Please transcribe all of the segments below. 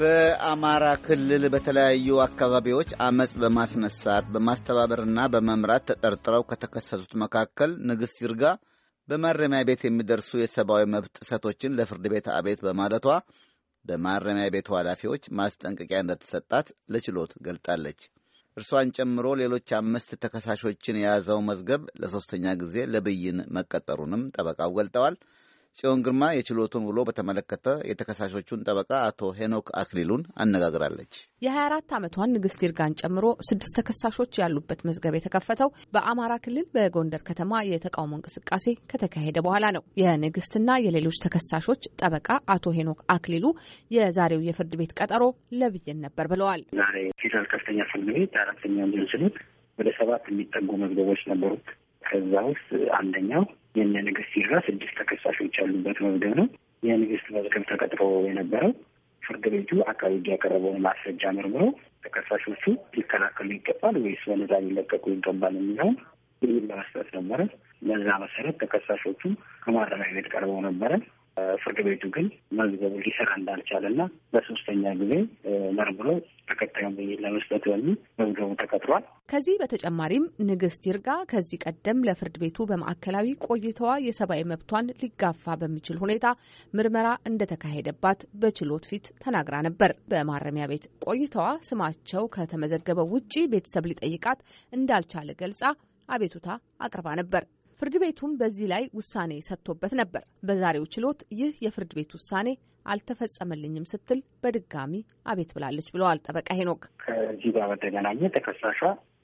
በአማራ ክልል በተለያዩ አካባቢዎች አመፅ በማስነሳት በማስተባበርና በመምራት ተጠርጥረው ከተከሰሱት መካከል ንግሥት ይርጋ በማረሚያ ቤት የሚደርሱ የሰብአዊ መብት ጥሰቶችን ለፍርድ ቤት አቤት በማለቷ በማረሚያ ቤቱ ኃላፊዎች ማስጠንቀቂያ እንደተሰጣት ለችሎት ገልጣለች። እርሷን ጨምሮ ሌሎች አምስት ተከሳሾችን የያዘው መዝገብ ለሦስተኛ ጊዜ ለብይን መቀጠሩንም ጠበቃው ገልጠዋል። ጽዮን ግርማ የችሎቱን ውሎ በተመለከተ የተከሳሾቹን ጠበቃ አቶ ሄኖክ አክሊሉን አነጋግራለች። የ24 ዓመቷን ንግስት ይርጋን ጨምሮ ስድስት ተከሳሾች ያሉበት መዝገብ የተከፈተው በአማራ ክልል በጎንደር ከተማ የተቃውሞ እንቅስቃሴ ከተካሄደ በኋላ ነው። የንግስትና የሌሎች ተከሳሾች ጠበቃ አቶ ሄኖክ አክሊሉ የዛሬው የፍርድ ቤት ቀጠሮ ለብይን ነበር ብለዋል። ዛሬ ከፍተኛ ፍርድ ቤት አራተኛ ወንጀል ችሎት ወደ ሰባት የሚጠጉ መዝገቦች ነበሩት። ከዛ ውስጥ አንደኛው የነ ንግስት ሲራ ስድስት ተከሳሾች ያሉበት መዝገብ ነው። የንግስት መዝገብ ተቀጥሮ የነበረው ፍርድ ቤቱ አቃቤ ሕግ ያቀረበውን ማስረጃ መርምሮ ተከሳሾቹ ሊከላከሉ ይገባል ወይስ በነጻ ሊለቀቁ ይገባል የሚለውን ይህን ለመስጠት ነበረ። በዛ መሰረት ተከሳሾቹ ከማረሚያ ቤት ቀርበው ነበረ። ፍርድ ቤቱ ግን መዝገቡ ሊሰራ እንዳልቻለና በሶስተኛ ጊዜ መርምሮ ተከታዩን ለመስጠት በሚል መዝገቡ ተቀጥሯል። ከዚህ በተጨማሪም ንግስት ይርጋ ከዚህ ቀደም ለፍርድ ቤቱ በማዕከላዊ ቆይታዋ የሰብአዊ መብቷን ሊጋፋ በሚችል ሁኔታ ምርመራ እንደተካሄደባት በችሎት ፊት ተናግራ ነበር። በማረሚያ ቤት ቆይታዋ ስማቸው ከተመዘገበው ውጪ ቤተሰብ ሊጠይቃት እንዳልቻለ ገልጻ አቤቱታ አቅርባ ነበር። ፍርድ ቤቱም በዚህ ላይ ውሳኔ ሰጥቶበት ነበር። በዛሬው ችሎት ይህ የፍርድ ቤት ውሳኔ አልተፈጸመልኝም ስትል በድጋሚ አቤት ብላለች ብለዋል ጠበቃ ሄኖክ። ከዚህ ጋር በተገናኘ ተከሳሿ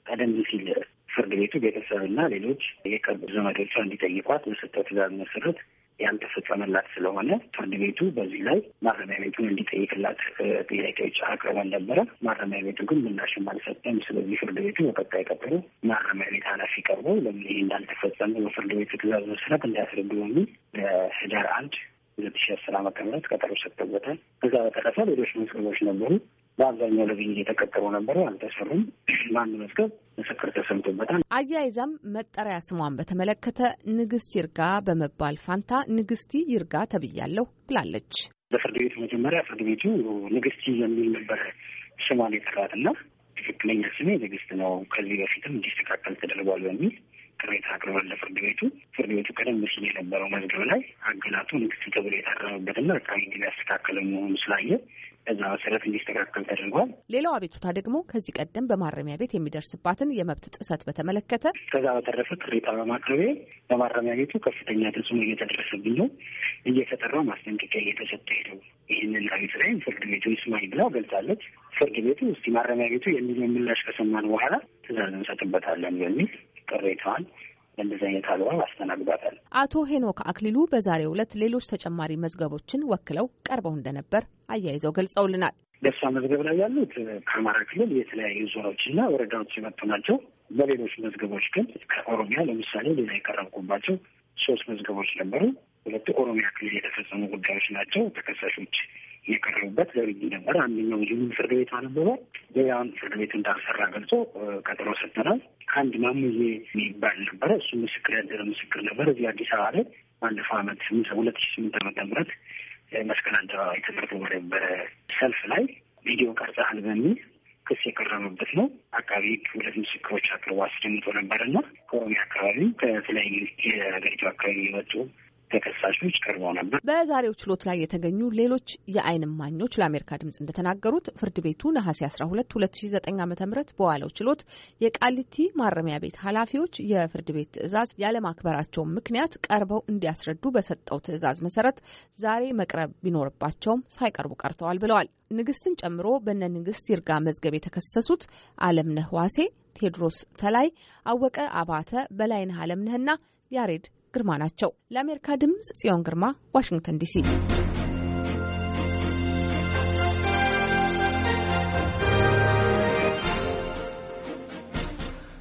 ቀደም ሲል ፍርድ ቤቱ ቤተሰብና ሌሎች የቅርብ ዘመዶቿ እንዲጠይቋት ምስጠት ጋር መሰረት ያልተፈጸመላት ስለሆነ ፍርድ ቤቱ በዚህ ላይ ማረሚያ ቤቱን እንዲጠይቅላት ጥያቄዎች አቅርበን ነበረ። ማረሚያ ቤቱ ግን ምላሽም አልሰጠም። ስለዚህ ፍርድ ቤቱ በቀጣይ ቀጠሮ ማረሚያ ቤት ኃላፊ ቀርበው ለምን ይህ እንዳልተፈጸመ በፍርድ ቤቱ ትእዛዝ መሰረት እንዲያስረዱ በሚል ለህዳር አንድ ሁለት ሺ አስር ዓመተ ምህረት ቀጠሮ ሰጥቶበታል። ከዛ በተረፈ ሌሎች መዝገቦች ነበሩ። በአብዛኛው ለግኝ የተቀጠሩ ነበሩ፣ አልተሰሩም። በአንድ መዝገብ ምስክር ተሰምቶበታል። አያይዛም መጠሪያ ስሟን በተመለከተ ንግስት ይርጋ በመባል ፋንታ ንግስቲ ይርጋ ተብያለሁ ብላለች። በፍርድ ቤቱ መጀመሪያ ፍርድ ቤቱ ንግስቲ የሚል ነበር ስሟን የጠራትና ትክክለኛ ስሜ ንግስት ነው፣ ከዚህ በፊትም እንዲስተካከል ተደርጓል በሚል ቅሬታ አቅርቧል ለፍርድ ቤቱ። ፍርድ ቤቱ ቀደም ሲል የነበረው መዝገብ ላይ አገላቱ ንግስት ተብሎ የታረመበትና አቃቤ ሕግ ያስተካከለ መሆኑ ስላየ በዛ መሰረት እንዲስተካከል ተደርጓል። ሌላው አቤቱታ ደግሞ ከዚህ ቀደም በማረሚያ ቤት የሚደርስባትን የመብት ጥሰት በተመለከተ ከዛ በተረፈ ቅሬታ በማቅረቤ በማረሚያ ቤቱ ከፍተኛ ተጽዕኖ እየተደረሰብኝ ነው፣ እየተጠራ ማስጠንቀቂያ እየተሰጠ ሄደው ይህንን አቤት ላይም ፍርድ ቤቱ ይስማኝ ብላ ገልጻለች። ፍርድ ቤቱ እስቲ ማረሚያ ቤቱ የሚለው ምላሽ ከሰማን በኋላ ትዕዛዝ እንሰጥበታለን በሚል ቅሬታዋን እንደዚህ አይነት አግባብ አስተናግዷታል። አቶ ሄኖክ አክሊሉ በዛሬው ዕለት ሌሎች ተጨማሪ መዝገቦችን ወክለው ቀርበው እንደነበር አያይዘው ገልጸውልናል። በእሷ መዝገብ ላይ ያሉት ከአማራ ክልል የተለያዩ ዞኖችና ወረዳዎች የመጡ ናቸው። በሌሎች መዝገቦች ግን ከኦሮሚያ ለምሳሌ ሌላ የቀረብኩባቸው ሶስት መዝገቦች ነበሩ። ሁለቱ ኦሮሚያ ክልል የተፈጸሙ ጉዳዮች ናቸው። ተከሳሾች የቀረቡበት ዘብይ ነበር። አንደኛው ይህን ፍርድ ቤት አነበበ፣ ሌላውን ፍርድ ቤት እንዳልሰራ ገልጾ ቀጠሮ ሰጠናል። አንድ ማሙዬ የሚባል ነበረ፣ እሱ ምስክር ያደረ ምስክር ነበር። እዚህ አዲስ አበባ ላይ ባለፈው አመት ሁለት ሺ ስምንት ዓመተ ምህረት መስቀል አደባባይ ተደርጎ በነበረ ሰልፍ ላይ ቪዲዮ ቀርጸሃል በሚል ክስ የቀረበበት ነው። አካባቢ ሁለት ምስክሮች አቅርቦ አስደምጦ ነበረና ከኦሮሚያ አካባቢ ከተለያዩ የሀገሪቱ አካባቢ የመጡ ተከሳሾች ቀርበው ነበር። በዛሬው ችሎት ላይ የተገኙ ሌሎች የዓይን ማኞች ለአሜሪካ ድምጽ እንደተናገሩት ፍርድ ቤቱ ነሐሴ አስራ ሁለት ሁለት ሺ ዘጠኝ በዋለው ችሎት የቃሊቲ ማረሚያ ቤት ኃላፊዎች የፍርድ ቤት ትዕዛዝ ያለማክበራቸውን ምክንያት ቀርበው እንዲያስረዱ በሰጠው ትዕዛዝ መሰረት ዛሬ መቅረብ ቢኖርባቸውም ሳይቀርቡ ቀርተዋል ብለዋል። ንግስትን ጨምሮ በነ ንግስት ይርጋ መዝገብ የተከሰሱት አለምነህ ዋሴ፣ ቴድሮስ ተላይ፣ አወቀ አባተ፣ በላይነህ አለምነህና ያሬድ ግርማ ናቸው። ለአሜሪካ ድምጽ ጽዮን ግርማ ዋሽንግተን ዲሲ